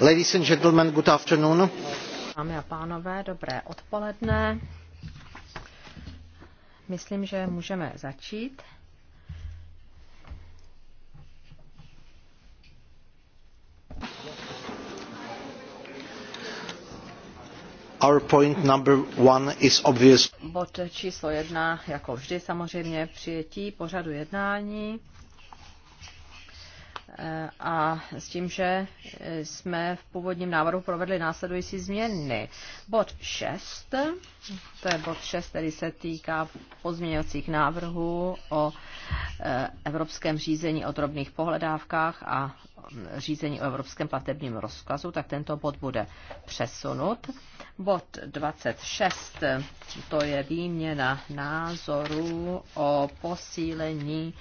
Ladies and gentlemen, good afternoon. Dámy a pánové, dobré odpoledne. Myslím, že můžeme začít. Our point number one is obvious. Bod číslo jedna, jako vždy samozřejmě, přijetí pořadu jednání a s tím, že jsme v původním návrhu provedli následující změny. Bod 6, to je bod 6, který se týká pozměňovacích návrhů o e, evropském řízení o drobných pohledávkách a řízení o evropském platebním rozkazu, tak tento bod bude přesunut. Bod 26, to je výměna názoru o posílení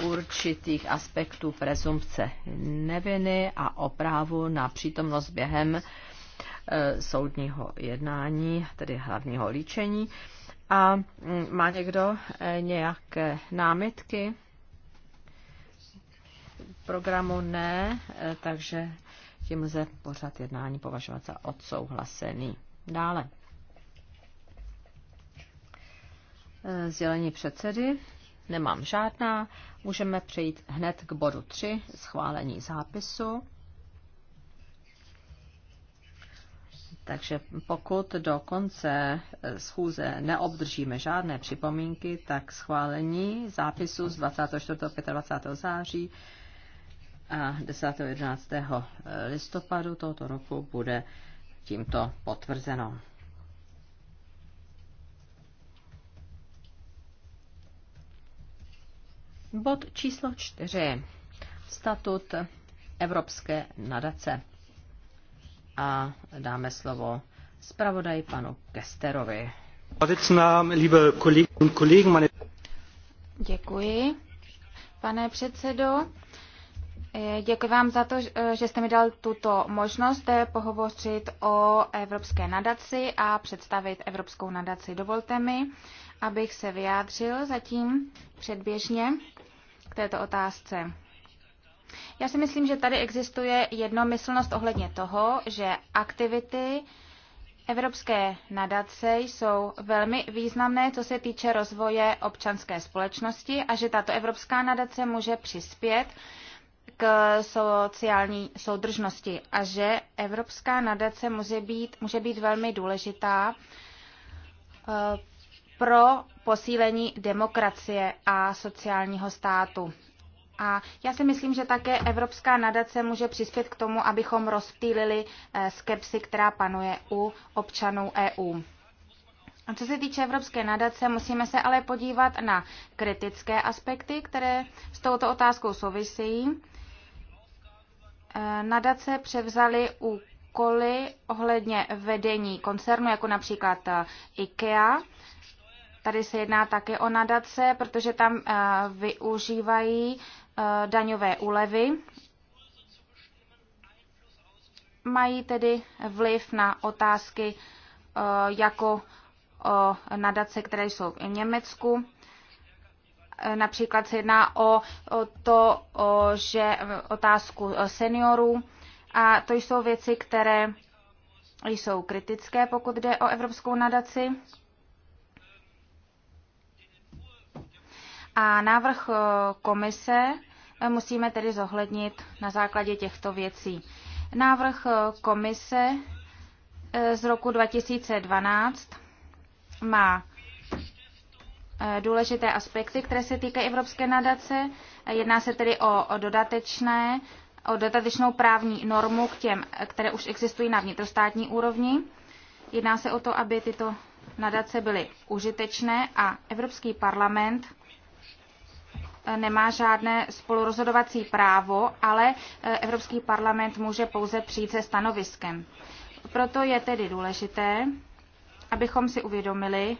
určitých aspektů prezumpce neviny a o právu na přítomnost během e, soudního jednání, tedy hlavního líčení. A mm, má někdo e, nějaké námitky? Programu ne, e, takže tím lze pořád jednání považovat za odsouhlasený. Dále. Sdělení předsedy. Nemám žádná. Můžeme přejít hned k bodu 3, schválení zápisu. Takže pokud do konce eh, schůze neobdržíme žádné připomínky, tak schválení zápisu z 24. 25. září a 10. 11. Eh, listopadu tohoto roku bude tímto potvrzeno. Bod číslo čtyři. Statut Evropské nadace. A dáme slovo zpravodaj panu Kesterovi. Děkuji, pane předsedo. Eh, děkuji vám za to, eh, že jste mi dal tuto možnost eh, pohovořit o Evropské nadaci a představit Evropskou nadaci. Dovolte mi, abych se vyjádřil zatím předběžně k této otázce. Já si myslím, že tady existuje jednomyslnost ohledně toho, že aktivity Evropské nadace jsou velmi významné, co se týče rozvoje občanské společnosti a že tato Evropská nadace může přispět k sociální soudržnosti a že Evropská nadace může být, může být velmi důležitá eh, pro posílení demokracie a sociálního státu. A já si myslím, že také Evropská nadace může přispět k tomu, abychom rozptýlili eh, skepsi, která panuje u občanů EU. A co se týče Evropské nadace, musíme se ale podívat na kritické aspekty, které s touto otázkou souvisejí. Eh, nadace převzaly úkoly ohledně vedení koncernu, jako například eh, IKEA, Tady se jedná také o nadace, protože tam eh, využívají eh, daňové úlevy. Mají tedy vliv na otázky eh, jako nadace, které jsou v Německu. Například se jedná o, to, že otázku seniorů. A to jsou věci, které jsou kritické, pokud jde o Evropskou nadaci. A návrh eh, komise eh, musíme tedy zohlednit na základě těchto věcí. Návrh eh, komise z roku 2012 má důležité aspekty, které se týkají Evropské nadace. Jedná se tedy o, o dodatečné o dodatečnou právní normu k těm, které už existují na vnitrostátní úrovni. Jedná se o to, aby tyto nadace byly užitečné a Evropský parlament nemá žádné spolurozhodovací právo, ale eh, Evropský parlament může pouze přijít se stanoviskem. Proto je tedy důležité, abychom si uvědomili,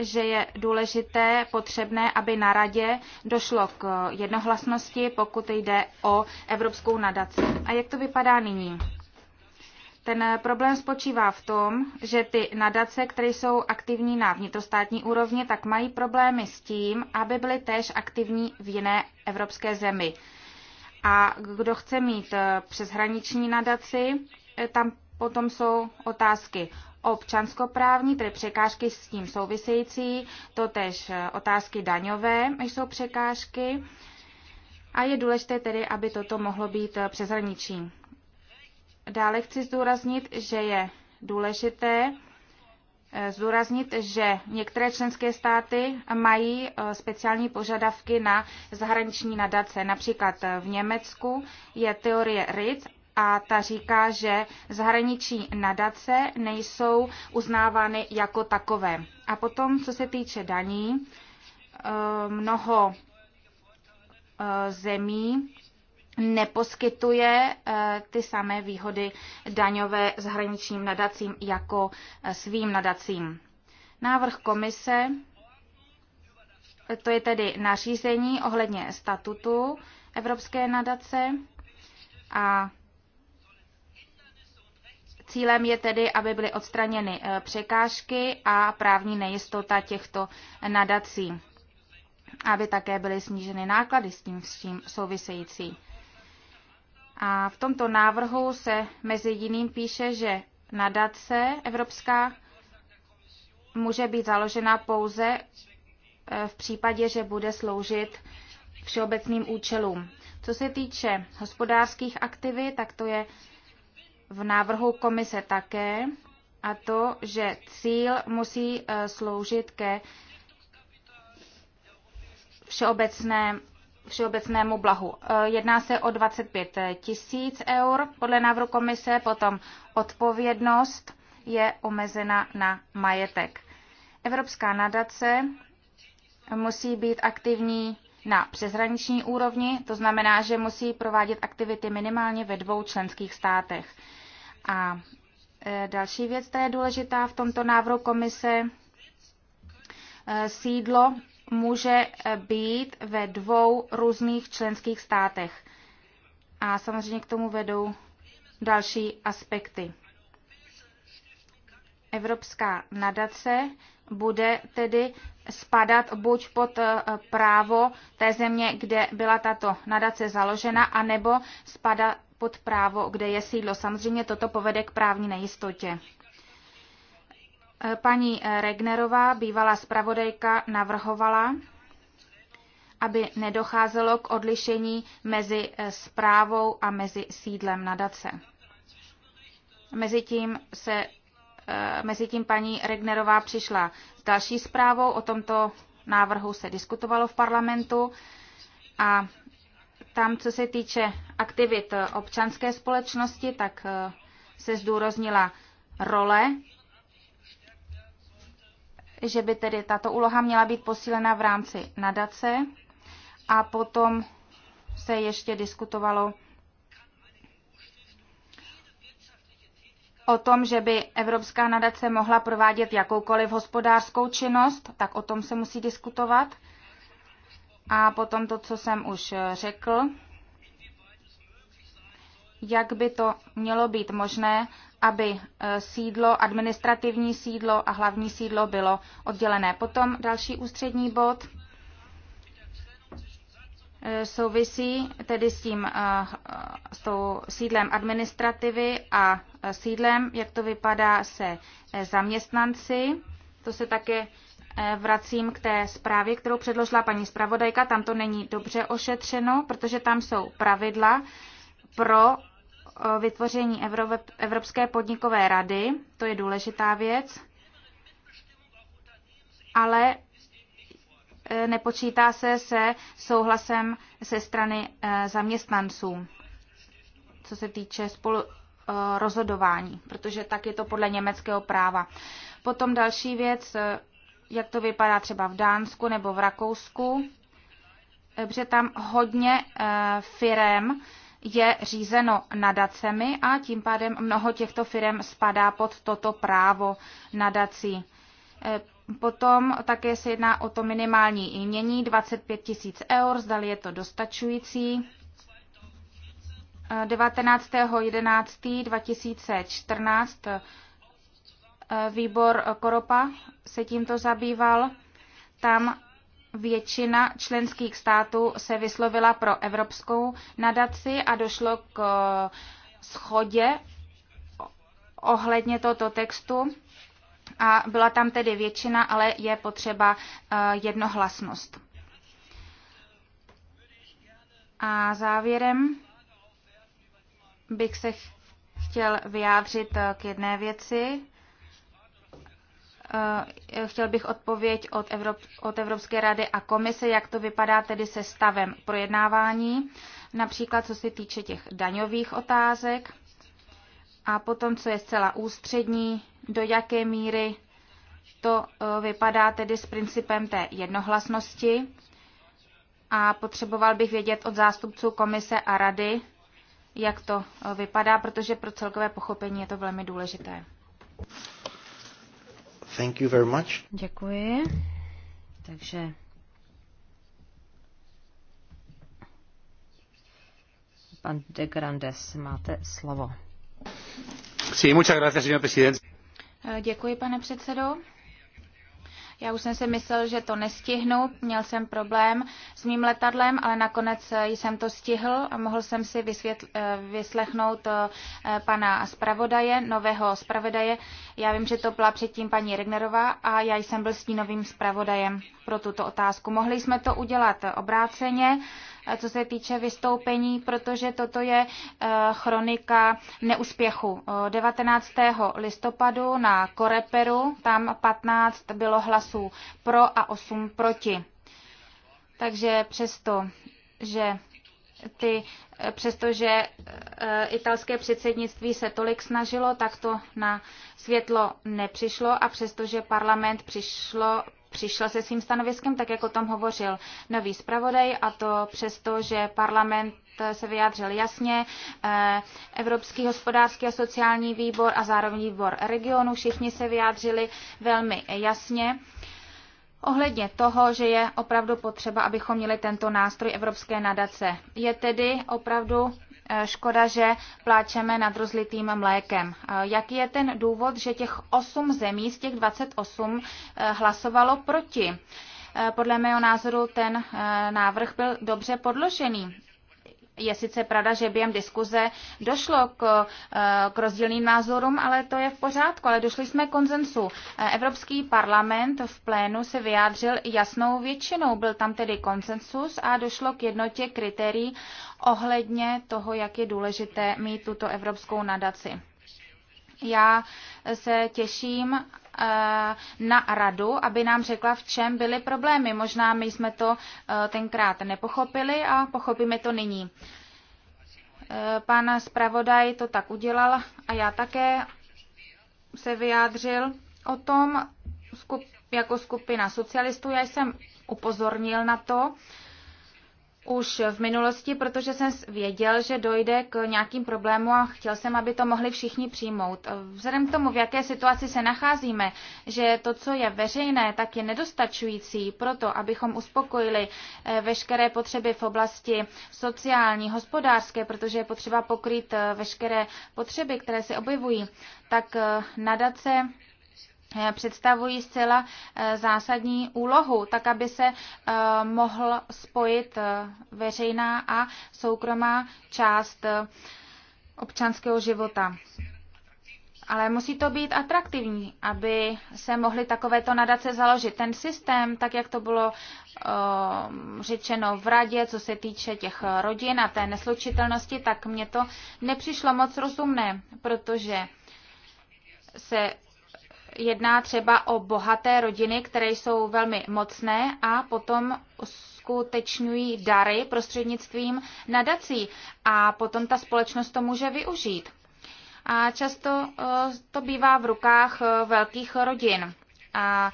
že je důležité, potřebné, aby na radě došlo k jednohlasnosti, pokud jde o Evropskou nadaci. A jak to vypadá nyní? Ten problém spočívá v tom, že ty nadace, které jsou aktivní na vnitrostátní úrovni, tak mají problémy s tím, aby byly též aktivní v jiné evropské zemi. A kdo chce mít eh, přeshraniční nadaci, eh, tam potom jsou otázky občanskoprávní, tedy překážky s tím související, totež eh, otázky daňové jsou překážky. A je důležité tedy, aby toto mohlo být přeshraniční. Dále chci zdůraznit, že je důležité eh, zdůraznit, že některé členské státy mají eh, speciální požadavky na zahraniční nadace. Například eh, v Německu je teorie RIT a ta říká, že zahraniční nadace nejsou uznávány jako takové. A potom, co se týče daní, mnoho zemí neposkytuje eh, ty samé výhody daňové zahraničním nadacím jako eh, svým nadacím. Návrh komise, to je tedy nařízení ohledně statutu Evropské nadace a Cílem je tedy, aby byly odstraněny eh, překážky a právní nejistota těchto nadací, aby také byly sníženy náklady s tím, s tím související. A v tomto návrhu se mezi jiným píše, že nadace evropská může být založena pouze e, v případě, že bude sloužit všeobecným účelům. Co se týče hospodářských aktivit, tak to je v návrhu komise také, a to, že cíl musí e, sloužit ke všeobecné všeobecnému blahu. E, jedná se o 25 tisíc eur podle návrhu komise, potom odpovědnost je omezena na majetek. Evropská nadace musí být aktivní na přeshraniční úrovni, to znamená, že musí provádět aktivity minimálně ve dvou členských státech. A e, další věc, která je důležitá v tomto návrhu komise, e, sídlo může eh, být ve dvou různých členských státech. A samozřejmě k tomu vedou další aspekty. Evropská nadace bude tedy spadat buď pod eh, právo té země, kde byla tato nadace založena, anebo spadat pod právo, kde je sídlo. Samozřejmě toto povede k právní nejistotě. Eh, paní eh, Regnerová, bývalá zpravodajka, navrhovala, aby nedocházelo k odlišení mezi zprávou eh, a mezi sídlem nadace. Mezitím se Mezitím paní Regnerová přišla s další zprávou, o tomto návrhu se diskutovalo v parlamentu a tam, co se týče aktivit občanské společnosti, tak se zdůraznila role že by tedy tato úloha měla být posílena v rámci nadace a potom se ještě diskutovalo o tom, že by Evropská nadace mohla provádět jakoukoliv hospodářskou činnost, tak o tom se musí diskutovat. A potom to, co jsem už řekl, jak by to mělo být možné, aby e, sídlo, administrativní sídlo a hlavní sídlo bylo oddělené. Potom další ústřední bod e, souvisí tedy s tím e, s tou sídlem administrativy a sídlem, jak to vypadá se zaměstnanci. To se také vracím k té zprávě, kterou předložila paní zpravodajka. Tam to není dobře ošetřeno, protože tam jsou pravidla pro vytvoření Evropské podnikové rady, to je důležitá věc, ale e, nepočítá se se souhlasem se strany e, zaměstnanců, co se týče spolu e, rozhodování, protože tak je to podle německého práva. Potom další věc, jak to vypadá třeba v Dánsku nebo v Rakousku, protože tam hodně firem je řízeno nadacemi a tím pádem mnoho těchto firm spadá pod toto právo nadací. E, potom také se jedná o to minimální jmění 25 tisíc eur, zdali je to dostačující. 19.11.2014 e, e, výbor Koropa se tímto zabýval. Tam Většina členských států se vyslovila pro evropskou nadaci a došlo k eh, schodě ohledně tohoto textu. A byla tam tedy většina, ale je potřeba eh, jednohlasnost. A závěrem bych se chtěl vyjádřit eh, k jedné věci, Eh, chtěl bych odpověď od, Evrop, od Evropské rady a komise, jak to vypadá tedy se stavem projednávání, například co se týče těch daňových otázek a potom, co je zcela ústřední, do jaké míry to eh, vypadá tedy s principem té jednohlasnosti. A potřeboval bych vědět od zástupců komise a rady, jak to eh, vypadá, protože pro celkové pochopení je to velmi důležité. Thank you very much. Děkuji. Takže pan de Grandes, máte slovo. Sí, muchas gracias, señor presidente. Děkuji, pane předsedo. Já už jsem si myslel, že to nestihnu, měl jsem problém s mým letadlem, ale nakonec eh, jsem to stihl a mohl jsem si vysvětl, eh, vyslechnout eh, pana zpravodaje, nového zpravodaje. Já vím, že to byla předtím paní Regnerová a já jsem byl s tím novým zpravodajem pro tuto otázku. Mohli jsme to udělat obráceně, Eh, co se týče vystoupení, protože toto je eh, chronika neúspěchu. 19. Eh, listopadu na Koreperu tam 15 bylo hlasů pro a 8 proti. Takže přesto, že ty, přestože italské předsednictví se tolik snažilo, tak to na světlo nepřišlo a přestože parlament přišlo, přišel se svým stanoviskem, tak jak o tom hovořil nový zpravodaj, a to přesto, že parlament se vyjádřil jasně, eh, Evropský hospodářský a sociální výbor a zároveň výbor regionu, všichni se vyjádřili velmi jasně ohledně toho, že je opravdu potřeba, abychom měli tento nástroj Evropské nadace. Je tedy opravdu Eh, škoda, že pláčeme nad rozlitým mlékem. Eh, jaký je ten důvod, že těch 8 zemí z těch 28 eh, hlasovalo proti? Podle mého názoru ten návrh byl dobře podložený je sice pravda, že během diskuze došlo k, eh, k rozdílným názorům, ale to je v pořádku, ale došli jsme k konzensu. Eh, Evropský parlament v plénu se vyjádřil jasnou většinou, byl tam tedy konsensus a došlo k jednotě kritérií ohledně toho, jak je důležité mít tuto evropskou nadaci. Já se těším Eh, na radu, aby nám řekla, v čem byly problémy. Možná my jsme to eh, tenkrát nepochopili a pochopíme to nyní. Eh, pan zpravodaj to tak udělal a já také se vyjádřil o tom jako skupina socialistů. Já jsem upozornil na to, už v minulosti, protože jsem věděl, že dojde k nějakým problémům a chtěl jsem, aby to mohli všichni přijmout. Vzhledem k tomu, v jaké situaci se nacházíme, že to, co je veřejné, tak je nedostačující proto, abychom uspokojili eh, veškeré potřeby v oblasti sociální, hospodářské, protože je potřeba pokrýt eh, veškeré potřeby, které se objevují, tak eh, nadace Eh, představují zcela eh, zásadní úlohu, tak aby se eh, mohl spojit veřejná a soukromá část občanského života. Ale musí to být atraktivní, aby se mohly takovéto nadace založit. Ten systém, tak jak to bylo uh, řečeno v radě, co se týče těch rodin a té neslučitelnosti, tak mně to nepřišlo moc rozumné, protože se jedná třeba o bohaté rodiny, které jsou velmi mocné a potom uskutečňují dary prostřednictvím nadací a potom ta společnost to může využít. A často eh, to bývá v rukách eh, velkých rodin. A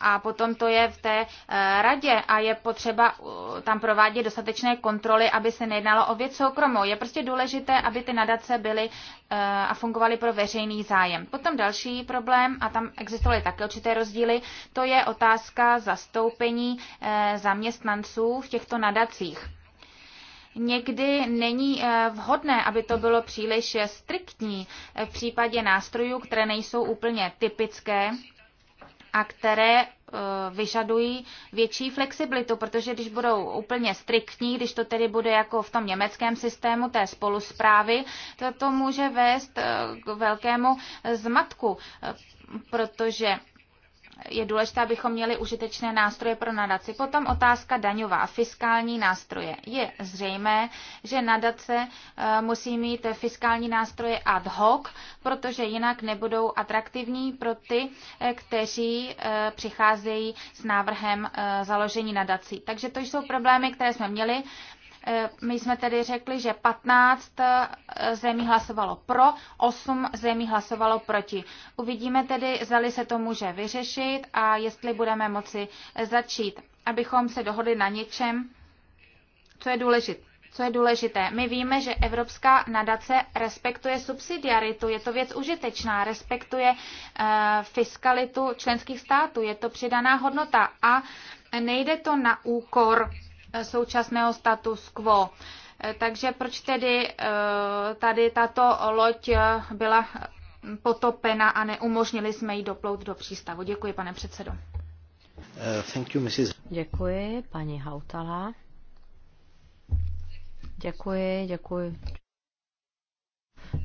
a potom to je v té eh, radě a je potřeba eh, tam provádět dostatečné kontroly, aby se nejednalo o věc soukromou. Je prostě důležité, aby ty nadace byly eh, a fungovaly pro veřejný zájem. Potom další problém, a tam existovaly také určité rozdíly, to je otázka zastoupení zaměstnanců v těchto nadacích. Někdy není vhodné, aby to bylo příliš striktní v případě nástrojů, které nejsou úplně typické a které eh, vyžadují větší flexibilitu, protože když budou úplně striktní, když to tedy bude jako v tom německém systému té spolusprávy, to, to může vést eh, k velkému eh, zmatku, protože je důležité, abychom měli užitečné nástroje pro nadaci. Potom otázka daňová, fiskální nástroje. Je zřejmé, že nadace eh, musí mít fiskální nástroje ad hoc, protože jinak nebudou atraktivní pro ty, eh, kteří eh, přicházejí s návrhem založení nadací. Takže to jsou problémy, které jsme měli Eh, my jsme tedy řekli, že 15 eh, zemí hlasovalo pro, 8 zemí hlasovalo proti. Uvidíme tedy, zali se to může vyřešit a jestli budeme moci eh, začít, abychom se dohodli na něčem, co je důležité. Co je důležité, my víme, že Evropská nadace respektuje subsidiaritu, je to věc užitečná, respektuje e, fiskalitu členských států, je to přidaná hodnota a nejde to na úkor Eh, současného status quo. Eh, takže proč tedy eh, tady tato loď byla potopena a neumožnili jsme jí doplout do přístavu? Děkuji, pane předsedo. Thank you, Mrs. Děkuji, paní Hautala. Děkuji, děkuji.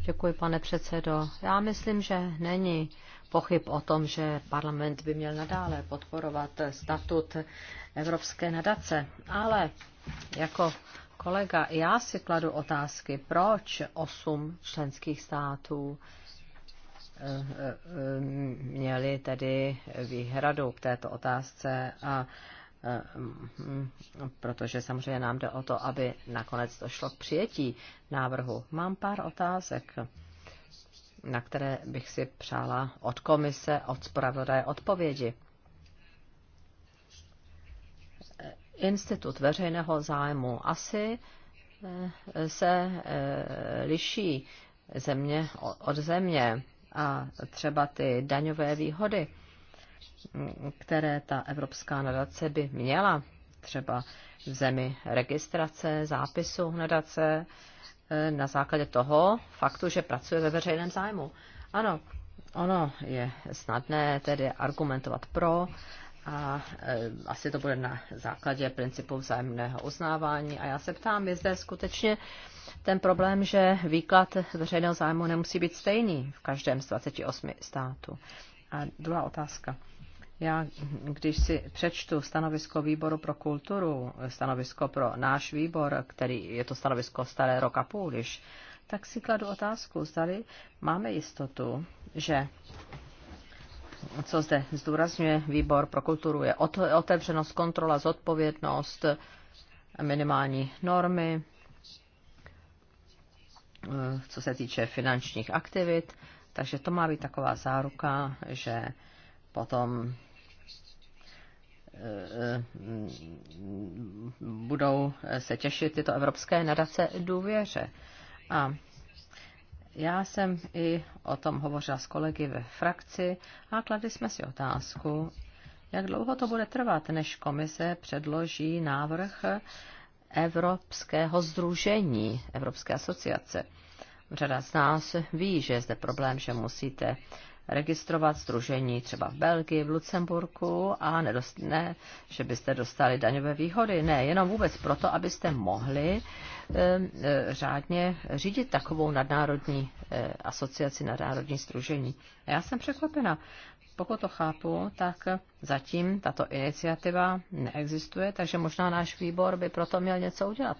Děkuji, pane předsedo. Já myslím, že není pochyb o tom, že parlament by měl nadále podporovat statut Evropské nadace, ale jako kolega, já si kladu otázky, proč osm členských států eh, eh, měli tedy výhradu k této otázce a eh, protože samozřejmě nám jde o to, aby nakonec došlo k přijetí návrhu. Mám pár otázek na které bych si přála od komise, od zpravodaje odpovědi. Institut veřejného zájmu asi eh, se eh, liší země od země a třeba ty daňové výhody, které ta Evropská nadace by měla, třeba v zemi registrace, zápisu nadace, Eh, na základě toho faktu, že pracuje ve veřejném zájmu. Ano, ono je snadné tedy argumentovat pro a e, asi to bude na základě principu vzájemného uznávání. A já se ptám, je zde skutečně ten problém, že výklad veřejného zájmu nemusí být stejný v každém z 28 států. A druhá otázka. Já, když si přečtu stanovisko výboru pro kulturu, stanovisko pro náš výbor, který je to stanovisko staré roka půl, tak si kladu otázku, zdali máme jistotu, že co zde zdůrazňuje výbor pro kulturu, je otevřenost, kontrola, zodpovědnost, minimální normy, eh, co se týče finančních aktivit. Takže to má být taková záruka, že potom budou se těšit tyto evropské nadace důvěře. A já jsem i o tom hovořila s kolegy ve frakci a kladli jsme si otázku, jak dlouho to bude trvat, než komise předloží návrh Evropského združení, Evropské asociace. Řada z nás ví, že je zde problém, že musíte registrovat združení třeba v Belgii, v Lucemburku a nedost, ne, že byste dostali daňové výhody. Ne, jenom vůbec proto, abyste mohli e, e, řádně řídit takovou nadnárodní e, asociaci, nadnárodní združení. A já jsem překvapena. Pokud to chápu, tak zatím tato iniciativa neexistuje, takže možná náš výbor by proto měl něco udělat.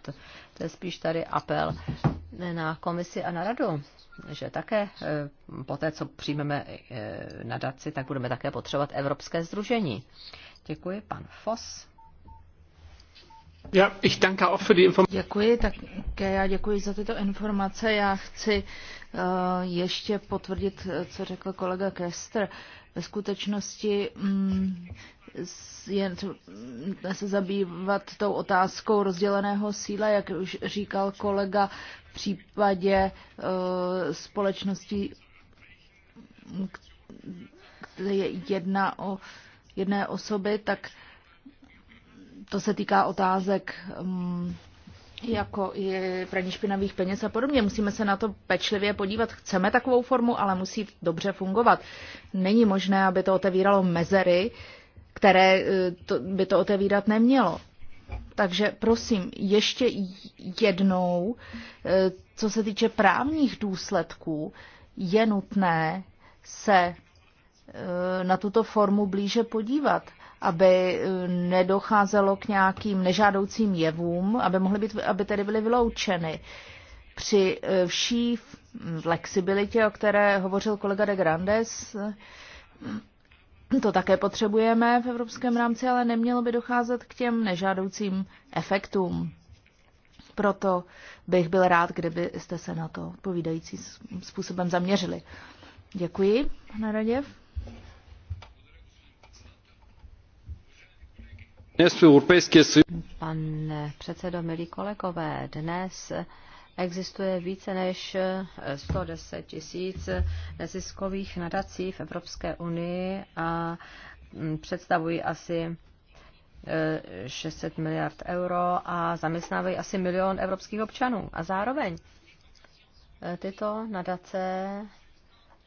To je spíš tady apel na komisi a na radu, že také eh, po té, co přijmeme eh, daci, tak budeme také potřebovat Evropské združení. Děkuji, pan Foss. Ja, ich danke auch für die Děkuji, také já děkuji za tyto informace. Já chci uh, ještě potvrdit, co řekl kolega Kester. Uh, ve skutečnosti mm, je mm, se zabývat tou otázkou rozděleného síla, jak už říkal kolega, v případě eh, společnosti, kde je jedna o jedné osoby, tak to se týká otázek mm, jako je praní špinavých peněz a podobně. Musíme se na to pečlivě podívat. Chceme takovou formu, ale musí dobře fungovat. Není možné, aby to otevíralo mezery, které eh, to, by to otevírat nemělo. Takže prosím, ještě jednou, eh, co se týče právních důsledků, je nutné se eh, na tuto formu blíže podívat aby eh, nedocházelo k nějakým nežádoucím jevům, aby, mohly být, aby tedy byly vyloučeny. Při eh, vší flexibilitě, o které hovořil kolega de Grandes, to také potřebujeme v evropském rámci, ale nemělo by docházet k těm nežádoucím efektům. Proto bych byl rád, kdybyste se na to povídající způsobem zaměřili. Děkuji, pane Raděv. Pane předsedo, milí kolegové, dnes existuje více než 110 eh, tisíc neziskových nadací v Evropské unii a mm, představují asi 600 eh, miliard euro a zaměstnávají asi milion evropských občanů. A zároveň eh, tyto nadace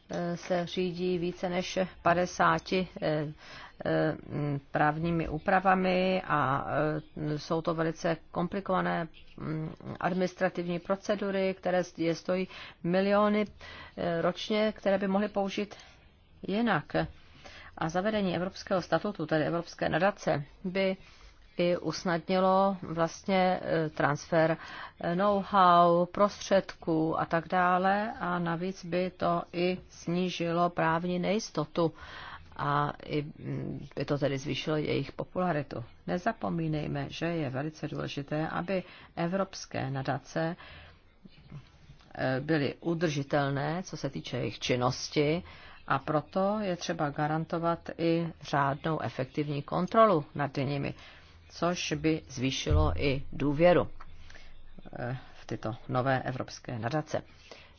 Eh, se řídí více než 50 eh, eh, právními úpravami a jsou to velice komplikované mm, administrativní procedury, které je stojí miliony ročně, které by mohly použít jinak. A zavedení Evropského statutu, tedy Evropské nadace, by i usnadnilo vlastně e, transfer e, know-how, prostředků a tak dále a navíc by to i snížilo právní nejistotu a i mm, by to tedy zvýšilo jejich popularitu. Nezapomínejme, že je velice důležité, aby evropské nadace e, byly udržitelné, co se týče jejich činnosti, a proto je třeba garantovat i řádnou efektivní kontrolu nad nimi což by zvýšilo i důvěru eh, v tyto nové evropské nadace.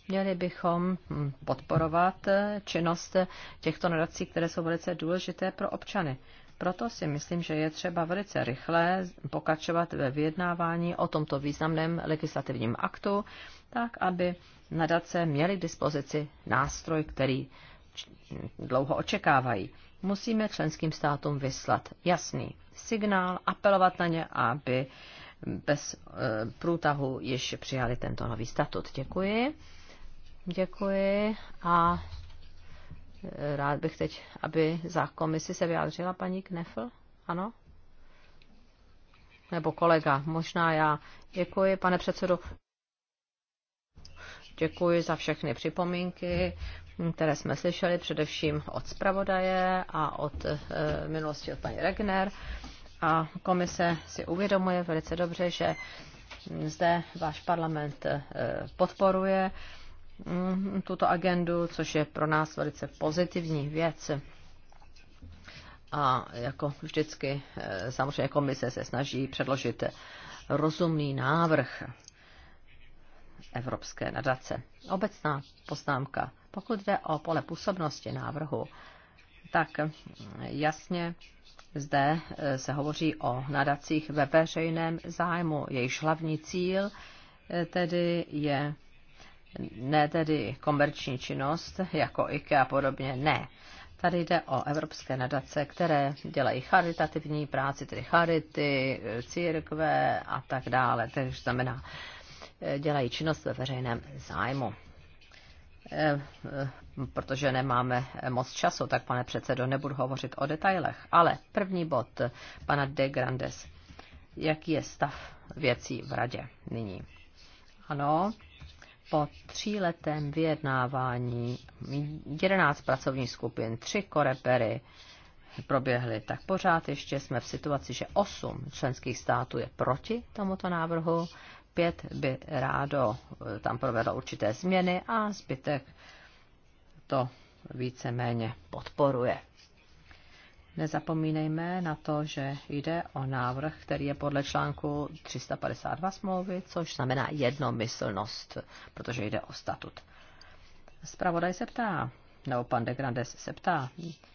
Měli bychom hm, podporovat eh, činnost těchto nadací, které jsou velice důležité pro občany. Proto si myslím, že je třeba velice rychle pokračovat ve vyjednávání o tomto významném legislativním aktu, tak aby nadace měly k dispozici nástroj, který dlouho očekávají musíme členským státům vyslat jasný signál, apelovat na ně, aby bez eh, průtahu již přijali tento nový statut. Děkuji. Děkuji a eh, rád bych teď, aby za komisi se vyjádřila paní Knefl. Ano? Nebo kolega, možná já. Děkuji, pane předsedo děkuji za všechny připomínky, které jsme slyšeli především od zpravodaje a od e, minulosti od paní Regner. A komise si uvědomuje velice dobře, že zde váš parlament eh, podporuje mm, tuto agendu, což je pro nás velice pozitivní věc. A jako vždycky, eh, samozřejmě komise se snaží předložit rozumný návrh evropské nadace. Obecná poznámka. Pokud jde o pole působnosti návrhu, tak jasně zde eh, se hovoří o nadacích ve veřejném zájmu. Jejich hlavní cíl eh, tedy je ne tedy komerční činnost jako IKEA a podobně, ne. Tady jde o evropské nadace, které dělají charitativní práci, tedy charity, eh, církve a tak dále. Takže znamená dělají činnost ve veřejném zájmu. Eh, eh, protože nemáme moc času, tak pane předsedo, nebudu hovořit o detailech. Ale první bod pana de Grandes. Jaký je stav věcí v radě nyní? Ano, po tříletém vyjednávání 11 pracovních skupin, tři korepery proběhly, tak pořád ještě jsme v situaci, že 8 členských států je proti tomuto návrhu, pět by rádo eh, tam provedlo určité změny a zbytek to víceméně podporuje. Nezapomínejme na to, že jde o návrh, který je podle článku 352 smlouvy, což znamená jednomyslnost, protože jde o statut. Spravodaj se ptá, nebo pan de Grandes se ptá,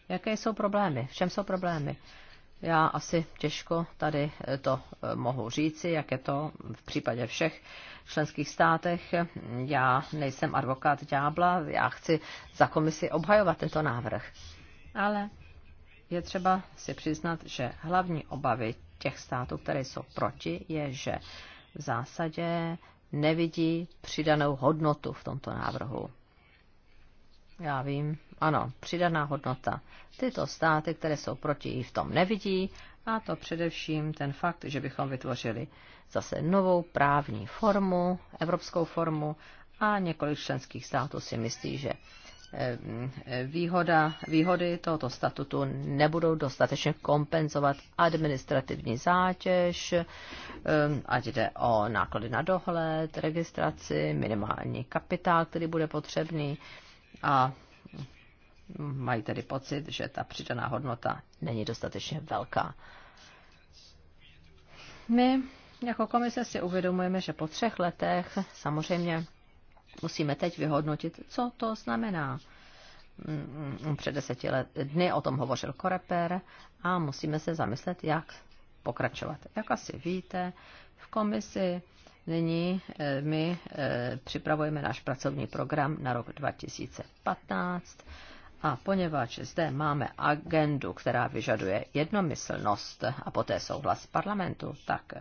jaké jsou problémy, v čem jsou problémy. Já asi těžko tady eh, to eh, mohu říci, jak je to v případě všech členských státech. Já nejsem advokát ďábla, já chci za komisi obhajovat tento návrh. Ale je třeba si přiznat, že hlavní obavy těch států, které jsou proti, je, že v zásadě nevidí přidanou hodnotu v tomto návrhu. Já vím, ano, přidaná hodnota. Tyto státy, které jsou proti, ji v tom nevidí, a to především ten fakt, že bychom vytvořili zase novou právní formu, evropskou formu, a několik členských států si myslí, že eh, výhoda, výhody tohoto statutu nebudou dostatečně kompenzovat administrativní zátěž, eh, ať jde o náklady na dohled, registraci, minimální kapitál, který bude potřebný a mají tedy pocit, že ta přidaná hodnota není dostatečně velká. My jako komise si uvědomujeme, že po třech letech samozřejmě musíme teď vyhodnotit, co to znamená. Mm, Před deseti let, dny o tom hovořil Koreper a musíme se zamyslet, jak pokračovat. Jak asi víte, v komisi Nyní eh, my eh, připravujeme náš pracovní program na rok 2015 a poněvadž zde máme agendu, která vyžaduje jednomyslnost a poté souhlas parlamentu, tak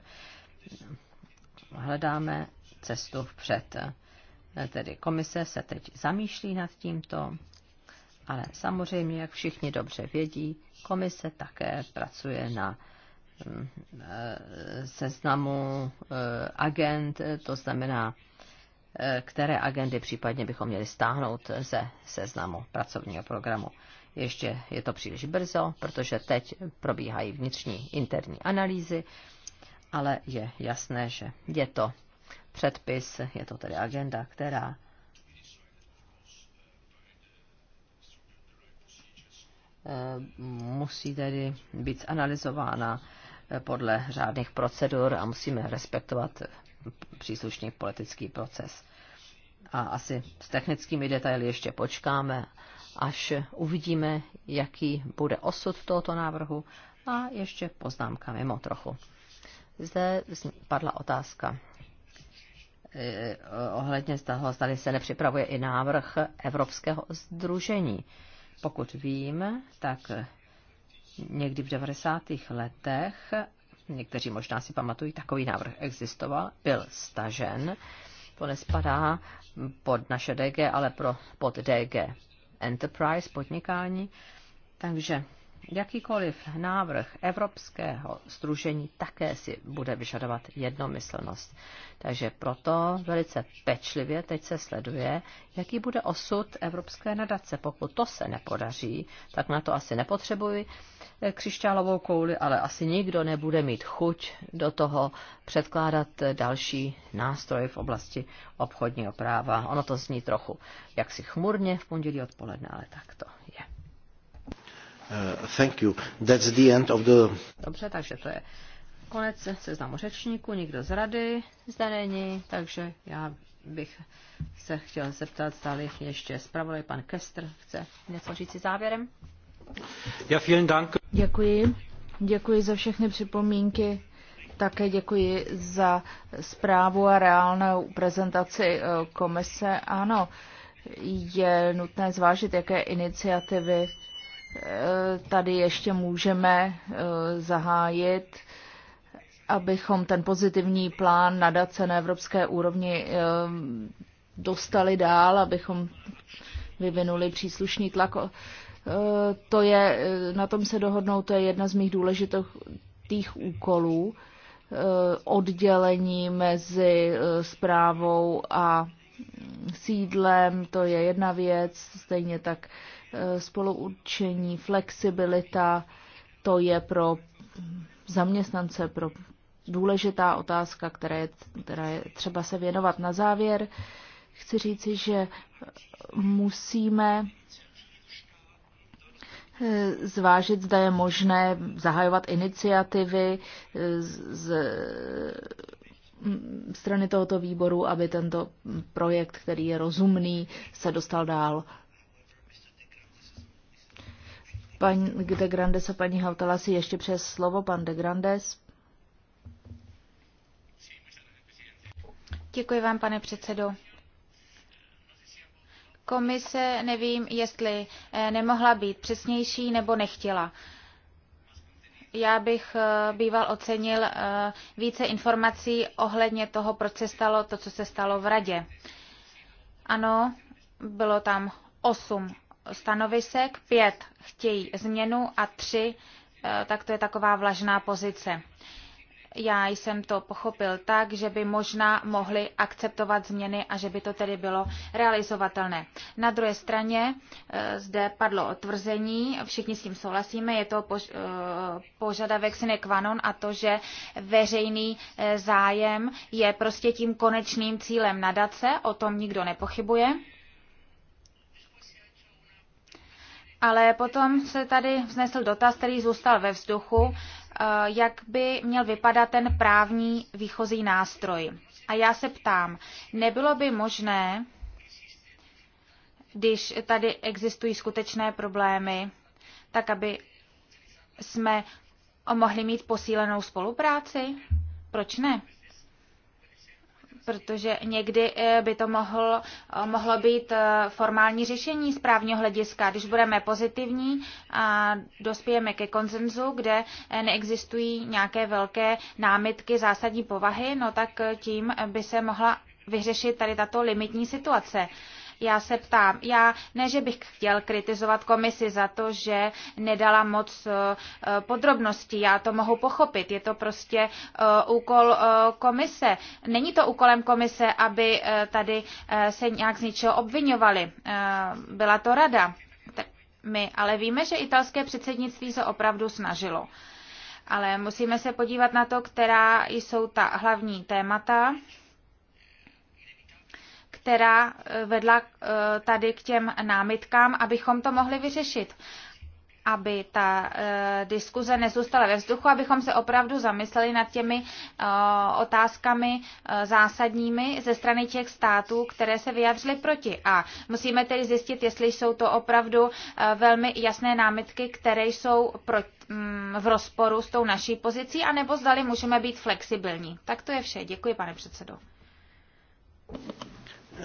hledáme cestu vpřed. Eh, tedy komise se teď zamýšlí nad tímto, ale samozřejmě, jak všichni dobře vědí, komise také pracuje na seznamu eh, agent, to znamená, eh, které agendy případně bychom měli stáhnout ze seznamu pracovního programu. Ještě je to příliš brzo, protože teď probíhají vnitřní interní analýzy, ale je jasné, že je to předpis, je to tedy agenda, která eh, musí tedy být analyzována podle řádných procedur a musíme respektovat příslušný politický proces. A asi s technickými detaily ještě počkáme, až uvidíme, jaký bude osud tohoto návrhu a ještě poznámka mimo trochu. Zde padla otázka eh, ohledně toho, zda se nepřipravuje i návrh Evropského združení. Pokud vím, tak někdy v 90. letech, někteří možná si pamatují, takový návrh existoval, byl stažen. To nespadá pod naše DG, ale pro, pod DG Enterprise, podnikání. Takže jakýkoliv návrh Evropského stružení také si bude vyžadovat jednomyslnost. Takže proto velice pečlivě teď se sleduje, jaký bude osud Evropské nadace. Pokud to se nepodaří, tak na to asi nepotřebuji eh, křišťálovou kouli, ale asi nikdo nebude mít chuť do toho předkládat další nástroje v oblasti obchodního práva. Ono to zní trochu jaksi chmurně v pondělí odpoledne, ale takto. Uh, thank you. That's the end of the... Dobře, takže to je konec seznamu řečníků, nikdo z rady zde není, takže já bych se chtěl zeptat, zdali ještě zpravodaj pan Kester chce něco říct si závěrem. Ja, vielen Dank. Děkuji. Děkuji za všechny připomínky. Také děkuji za zprávu a reálnou prezentaci eh, komise. Ano, je nutné zvážit, jaké iniciativy Eh, tady ještě můžeme eh, zahájit, abychom ten pozitivní plán nadace na evropské úrovni eh, dostali dál, abychom vyvinuli příslušný tlak. To je, na tom se dohodnou, to je jedna z mých důležitých úkolů oddělení mezi zprávou a sídlem, to je jedna věc, stejně tak Eh, spoluurčení, flexibilita, to je pro zaměstnance, pro důležitá otázka, které, které je třeba se věnovat. Na závěr chci říci, že musíme eh, zvážit, zda je možné zahajovat iniciativy eh, z, mm, strany tohoto výboru, aby tento projekt, který je rozumný, se dostal dál. Pan De Grandes a paní Hautala si ještě přes slovo. Pan De Grandes. Děkuji vám, pane předsedo komise, nevím, jestli eh, nemohla být přesnější nebo nechtěla. Já bych eh, býval ocenil eh, více informací ohledně toho, proč se stalo to, co se stalo v radě. Ano, bylo tam osm stanovisek, pět chtějí změnu a tři, eh, tak to je taková vlažná pozice. Já jsem to pochopil tak, že by možná mohli akceptovat změny a že by to tedy bylo realizovatelné. Na druhé straně eh, zde padlo tvrzení, všichni s tím souhlasíme, je to eh, požadavek sine qua non a to, že veřejný zájem je prostě tím konečným cílem nadace, o tom nikdo nepochybuje. Ale potom se tady vznesl dotaz, který zůstal ve vzduchu, eh, jak by měl vypadat ten právní výchozí nástroj. A já se ptám, nebylo by možné, když tady existují skutečné problémy, tak aby jsme mohli mít posílenou spolupráci? Proč ne? protože někdy eh, by to mohlo, eh, mohlo být eh, formální řešení z právního hlediska. Když budeme pozitivní a dospějeme ke konsenzu, kde neexistují nějaké velké námitky zásadní povahy, no tak tím by se mohla vyřešit tady tato limitní situace. Já se ptám, já ne, že bych chtěl kritizovat komisi za to, že nedala moc eh, eh, podrobností, já to mohu pochopit, je to prostě eh, úkol komise. Není to úkolem komise, aby tady se nějak z ničeho obvinovali. Byla to rada. My ale víme, že italské předsednictví se opravdu snažilo. Ale musíme se podívat na to, která jsou ta hlavní témata která eh, vedla eh, tady k těm námitkám, abychom to mohli vyřešit aby ta e, diskuze nezůstala ve vzduchu, abychom se opravdu zamysleli nad těmi e, otázkami e, zásadními ze strany těch států, které se vyjadřily proti. A musíme tedy zjistit, jestli jsou to opravdu e, velmi jasné námitky, které jsou pro, m, mm, v rozporu s tou naší pozicí, anebo zdali můžeme být flexibilní. Tak to je vše. Děkuji, pane předsedo.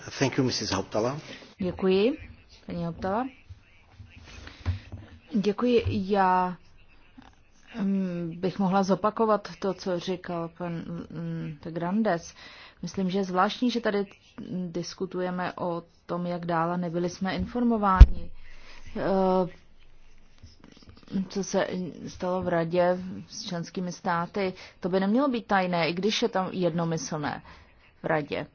Thank you, Mrs. Hautala. Děkuji, paní Hautala. Děkuji. Já mm, bych mohla zopakovat to, co říkal pan mm, Grandes. Myslím, že je zvláštní, že tady diskutujeme o tom, jak dále nebyli jsme informováni. Eh, co se stalo v radě s členskými státy, to by nemělo být tajné, i když je tam jednomyslné v radě.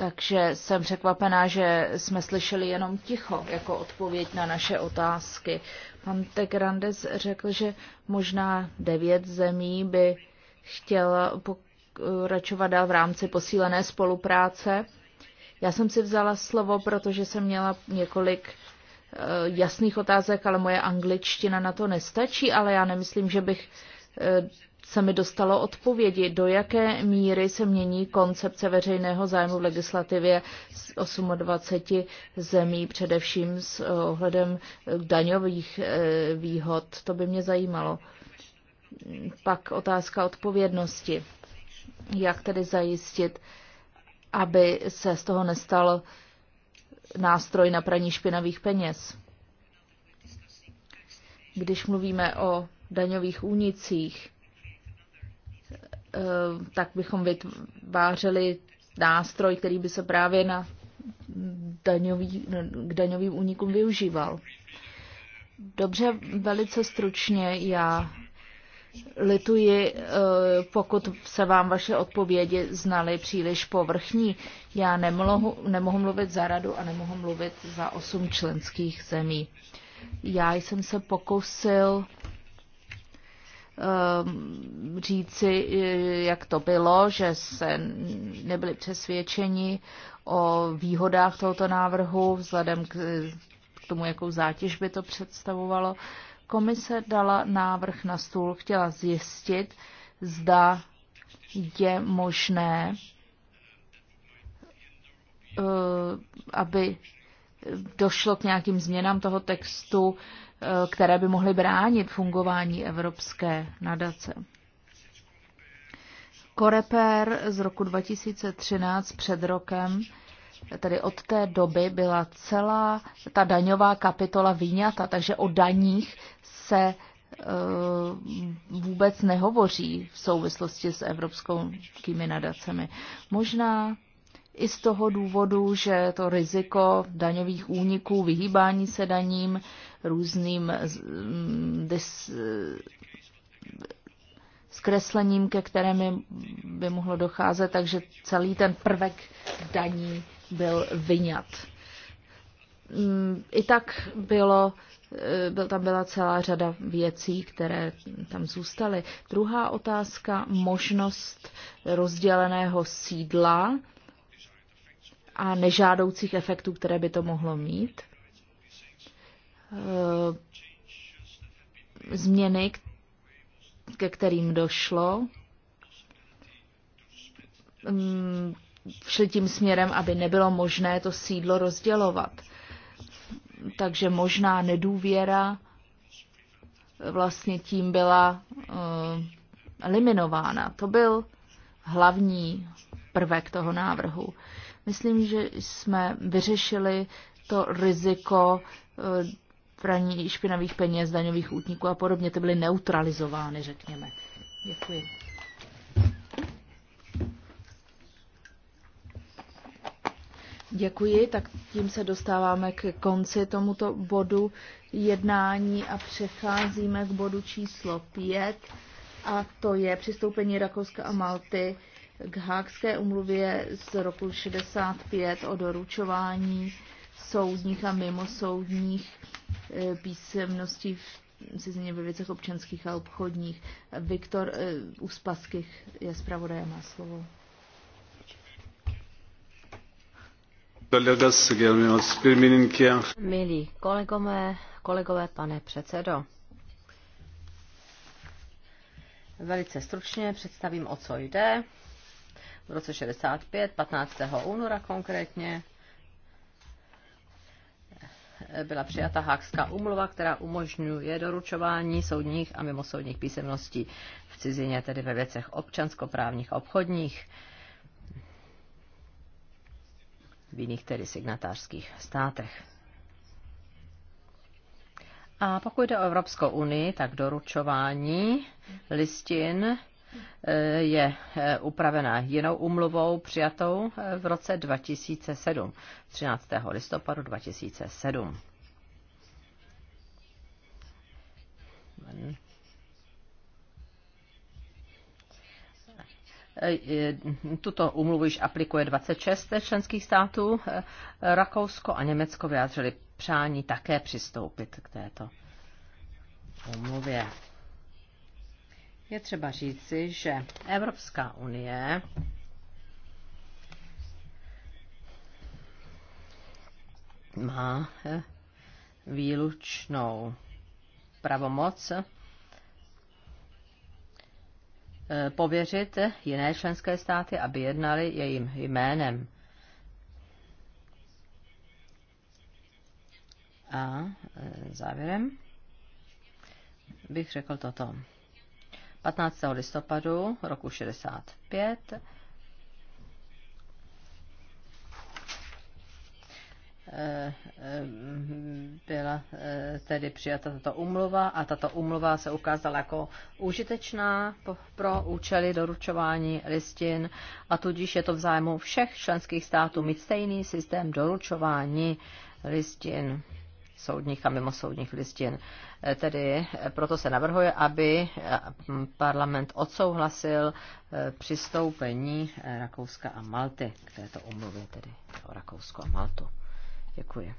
Takže jsem překvapená, že jsme slyšeli jenom ticho jako odpověď na naše otázky. Pan Tegrandes řekl, že možná devět zemí by chtěl pokračovat dál v rámci posílené spolupráce. Já jsem si vzala slovo, protože jsem měla několik eh, jasných otázek, ale moje angličtina na to nestačí, ale já nemyslím, že bych eh, se mi dostalo odpovědi, do jaké míry se mění koncepce veřejného zájmu v legislativě z 28 zemí, především s eh, ohledem eh, daňových eh, výhod. To by mě zajímalo. Pak otázka odpovědnosti. Jak tedy zajistit, aby se z toho nestal nástroj na praní špinavých peněz? Když mluvíme o daňových únicích, Eh, tak bychom vytvářeli nástroj, který by se právě na daňový, k daňovým únikům využíval. Dobře, velice stručně já lituji, eh, pokud se vám vaše odpovědi znaly příliš povrchní. Já nemohu, nemohu mluvit za radu a nemohu mluvit za osm členských zemí. Já jsem se pokusil Um, říci, eh, jak to bylo, že se nebyli přesvědčeni o výhodách tohoto návrhu vzhledem k, k tomu, jakou zátěž by to představovalo. Komise dala návrh na stůl, chtěla zjistit, zda je možné, eh, aby došlo k nějakým změnám toho textu, Eh, které by mohly bránit fungování evropské nadace. Koreper z roku 2013 před rokem, tedy od té doby byla celá ta daňová kapitola vyňata, takže o daních se eh, vůbec nehovoří v souvislosti s evropskými nadacemi. Možná i z toho důvodu, že to riziko daňových úniků, vyhýbání se daním různým mm, zkreslením, ke kterému by mohlo docházet, takže celý ten prvek daní byl vyňat. Mm, I tak bylo, eh, byl, tam byla celá řada věcí, které tam zůstaly. Druhá otázka, možnost rozděleného sídla a nežádoucích efektů, které by to mohlo mít. Eh, změny, ke kterým došlo, mm, šli tím směrem, aby nebylo možné to sídlo rozdělovat. Takže možná nedůvěra eh, vlastně tím byla eh, eliminována. To byl hlavní prvek toho návrhu. Myslím, že jsme vyřešili to riziko praní špinavých peněz, daňových útníků a podobně, ty byly neutralizovány, řekněme. Děkuji. Děkuji, tak tím se dostáváme k konci tomuto bodu jednání a přecházíme k bodu číslo 5 a to je přistoupení Rakouska a Malty k Hákské umluvě z roku 65 o doručování soudních a mimosoudních Eh, písemnosti v cizině ve věcech občanských a obchodních. Viktor eh, Uspaskych je zpravodaj má slovo. Milí kolegové, kolegové, pane předsedo, velice stručně představím, o co jde. V roce 65, 15. února konkrétně, byla přijata Hákská umluva, která umožňuje doručování soudních a mimosoudních písemností v cizině, tedy ve věcech občanskoprávních obchodních, v jiných tedy signatářských státech. A pokud jde o Evropskou unii, tak doručování listin Eh, je eh, upravena jinou umluvou přijatou eh, v roce 2007, 13. listopadu 2007. Tuto umluvu již aplikuje 26 členských států. Rakousko a Německo vyjádřili přání také přistoupit k této umluvě je třeba říci, že Evropská unie má eh, výlučnou pravomoc eh, pověřit jiné členské státy, aby jednali jejím jménem. A eh, závěrem bych řekl toto. 15. listopadu roku 65 eh, eh, byla eh, tedy přijata tato umluva a tato umluva se ukázala jako užitečná pro účely doručování listin a tudíž je to v zájmu všech členských států mít stejný systém doručování listin soudních a mimosoudních listin. Eh, tedy eh, proto se navrhuje, aby eh, parlament odsouhlasil přistoupení Rakouska a Malty k této umluvě, tedy o Rakousko a Maltu. Děkuji.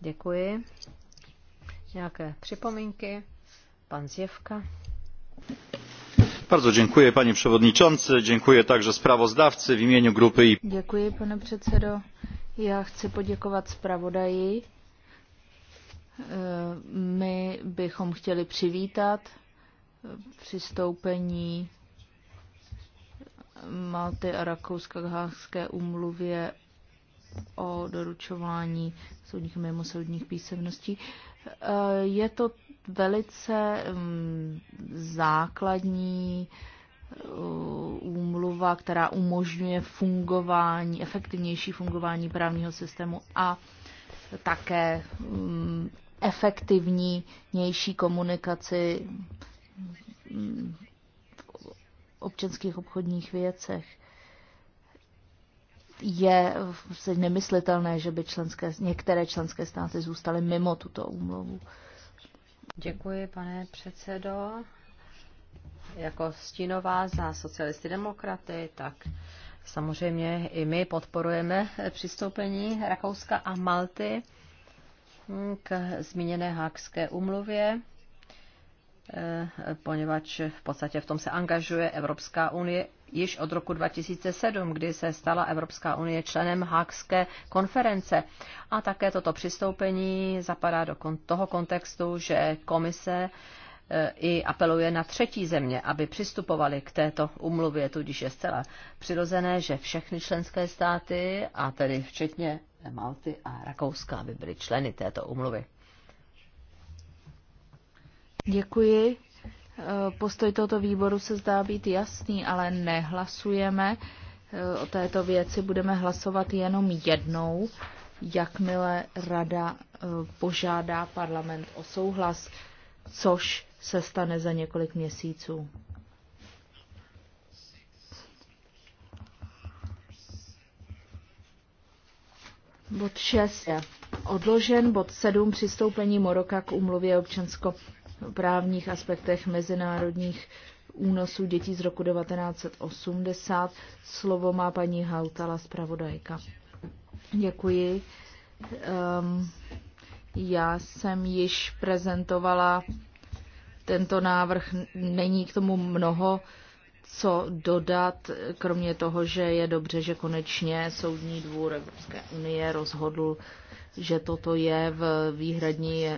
Děkuji. Nějaké připomínky? Pan Zjevka. Bardzo dziękuję panie przewodniczący, dziękuję także sprawozdawcy w imieniu grupy i... Děkuji pane předsedo. Já chci poděkovat zpravodaji my bychom chtěli přivítat přistoupení Malty a Rakouska k Hákské umluvě o doručování soudních a mimosoudních písemností. Eh, je to velice mm, základní eh, úmluva, která umožňuje fungování, efektivnější fungování právního systému a také mm, efektivnější komunikaci v občanských obchodních věcech. Je se nemyslitelné, že by členské, některé členské státy zůstaly mimo tuto úmluvu. Děkuji, pane předsedo. Jako stínová za socialisty demokraty, tak samozřejmě i my podporujeme přistoupení Rakouska a Malty k zmíněné hákské umluvě, eh, poněvadž v podstatě v tom se angažuje Evropská unie již od roku 2007, kdy se stala Evropská unie členem Hákské konference. A také toto přistoupení zapadá do toho kontextu, že komise eh, i apeluje na třetí země, aby přistupovali k této umluvě, tudíž je zcela přirozené, že všechny členské státy, a tedy včetně Malty a Rakouska, aby byly členy této umluvy. Děkuji. Eh, postoj tohoto výboru se zdá být jasný, ale nehlasujeme eh, o této věci. Budeme hlasovat jenom jednou, jakmile Rada eh, požádá parlament o souhlas, což se stane za několik měsíců. Bod 6 je odložen, bod 7 přistoupení Moroka k umluvě občanskoprávních aspektech mezinárodních únosů dětí z roku 1980. Slovo má paní Hautala, zpravodajka. Děkuji. Um, já jsem již prezentovala tento návrh, není k tomu mnoho co dodat, kromě toho, že je dobře, že konečně Soudní dvůr Evropské unie rozhodl, že toto je v výhradní EU,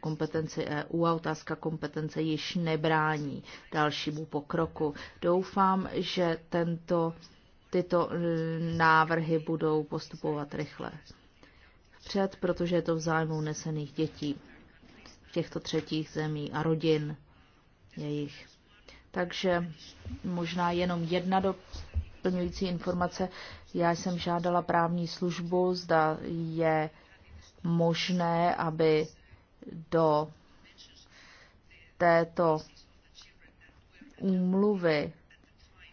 kompetenci EU a otázka kompetence již nebrání dalšímu pokroku. Doufám, že tento, tyto eh, návrhy budou postupovat rychle před, protože je to v zájmu nesených dětí v těchto třetích zemí a rodin jejich. Takže možná jenom jedna doplňující informace. Já jsem žádala právní službu, zda je možné, aby do této úmluvy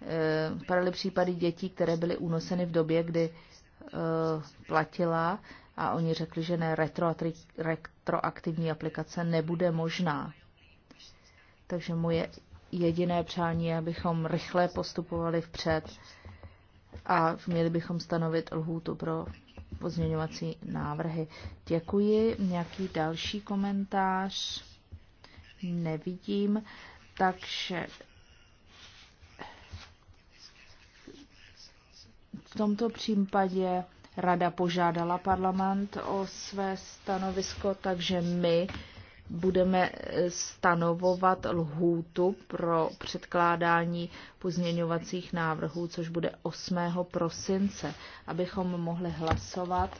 eh, padaly případy dětí, které byly unoseny v době, kdy eh, platila a oni řekli, že ne, retroaktivní aplikace nebude možná. Takže moje jediné přání je, abychom rychle postupovali vpřed a měli bychom stanovit lhůtu pro pozměňovací návrhy. Děkuji. Nějaký další komentář? Nevidím. Takže v tomto případě Rada požádala parlament o své stanovisko, takže my budeme eh, stanovovat lhůtu pro předkládání pozměňovacích návrhů, což bude 8. prosince, abychom mohli hlasovat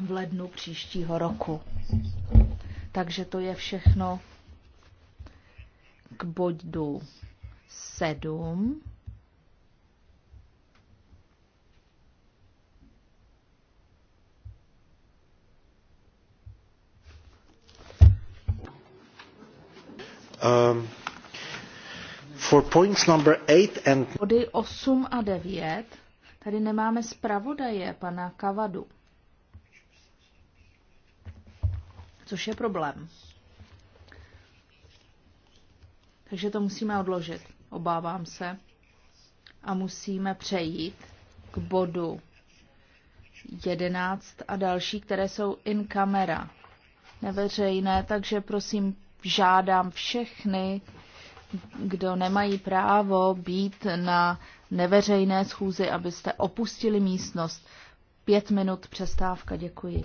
v lednu příštího roku. Takže to je všechno k bodu 7. Um, Body 8 a 9. Tady nemáme zpravodaje pana Kavadu. Což je problém. Takže to musíme odložit, obávám se. A musíme přejít k bodu 11 a další, které jsou in camera. Neveřejné, takže prosím žádám všechny, kdo nemají právo být na neveřejné schůzi, abyste opustili místnost. Pět minut přestávka, děkuji.